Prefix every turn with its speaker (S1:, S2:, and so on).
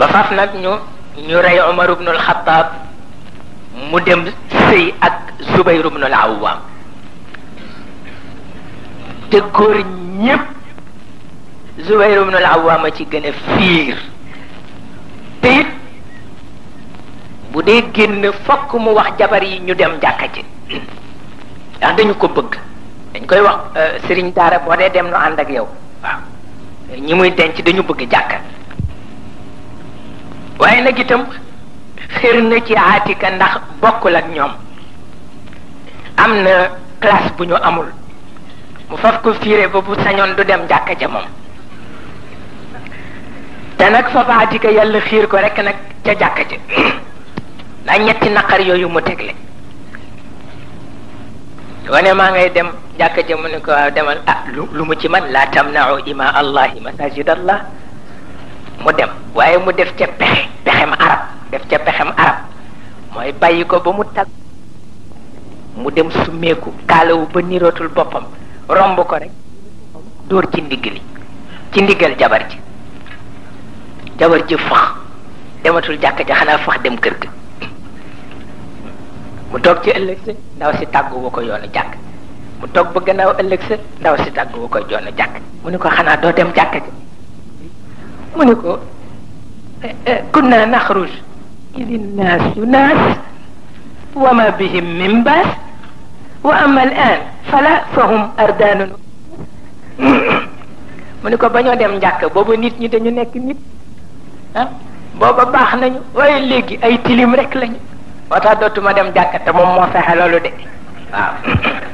S1: ba faf nag ñu ñu rey Umar ibnul Xattaab mu dem sëy ak Zubayr ibnul Awwaam te góor ñépp Zubayr ibnul Awwaam a ci gën a fiir te it bu dee génn fokk mu wax jabar yi ñu dem jàkka ci ndax dañu ko bëgg dañ koy wax euh, sëriñ daara boo dee dem nu ànd ak yow waaw ñi muy denc dañu bëgg jàkka waaye nag itam xër na ci aatika ndax bokkul ak ñoom am na classe bu ñu amul mu faf ko fiire ba bu sañoon du dem jàkka ja te nag faf aatika yàlla xiir ko rek nag ca jàkka ja ndax ñetti naqar yooyu mu tegle wane maa ngay dem jàkka ja mu ne ko waaw demal ah lu mu ci man laa tamnau ima allahi masajid allah mu dem waaye mu def ca pexe pexem arab def ca pexem arab mooy bàyyi ko ba mu tag mu dem summeeku kaalawu ba nirootul boppam romb ko rek dóor ci ndigg li ci ndiggal jabar ji jabar ji fax dematul jàkk ja xanaa fax dem kër ga mu toog ci ëllëg sa ndaw si tàggu wa ko yoonu jàkk mu toog ba gannaaw ëllëg sa ndaw si tàgg wa ko yoonu jàkk mu ne ko xanaa doo dem jàkk ja mu ne ko eh, eh, kunna naxruj idi naasu naas wa ma bihim min baas wa ama al an fala fahum ardaanun mu ne ko ba ñoo dem njàkk boobu nit ñi dañu nekk nit ah baax nañu waaye léegi ay tilim rekk lañu moo tax dootuma dem jàkk te moom moo fexe loolu de waaw